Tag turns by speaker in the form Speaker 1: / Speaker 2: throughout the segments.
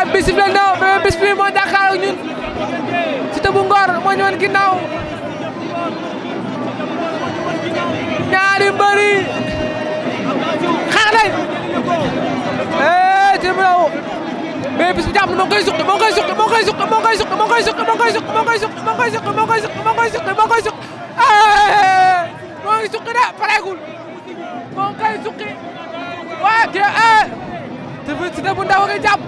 Speaker 1: ab bis bi la ndaw Bébé Bismi moo jàkkaar ak ñun Siteu bu Ngor moo ñu woon ginnaaw ñaari mbëri xeex nañ ee ci raw Bébé Bismi jàpp moo koy suqi moo koy suqi moo koy suqi moo koy suqi moo koy suqi moo koy suqi moo koy suqi moo koy suqi moo koy suqi moo koy suqi moo koy suqi ee moo ngi suqi de pareegul moo koy suqi waa kii ee Teubeul Siteu bu ndaw nga jàpp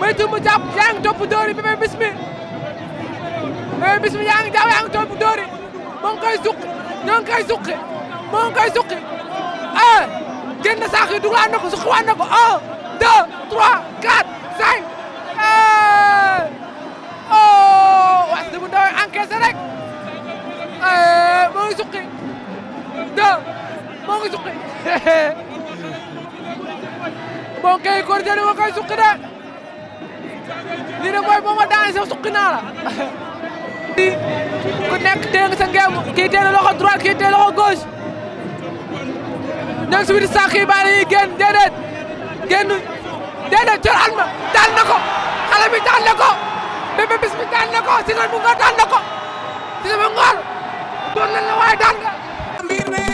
Speaker 1: moytu mu jàpp yaa ngi topp dóor yi Bismi Bébé Bismi yaa ngi jàpp yaa ngi topp dóor yi moo ngi koy suqi ñoo ngi koy suqi moo ngi koy suqi ah génn saako yi dugal na ko suqi waat na ko un oh, waa Siteu bu ndaw encaissé rek moo ngi suqi deux moo ngi bon kay Korité dama koy suqi de lii de mooy boo ma daane sa suqi ku nekk téye nga sa kii téye na loxo kii téye loxo gauche ñoo ngi si biir saako yi baa dañuy génn déedéet cor alma daal na ko xale bi daal na ko Bébé Bismi daal na ko Sitor bu Ngor daal na ko Sitor bu Ngor doon na la waaye daal na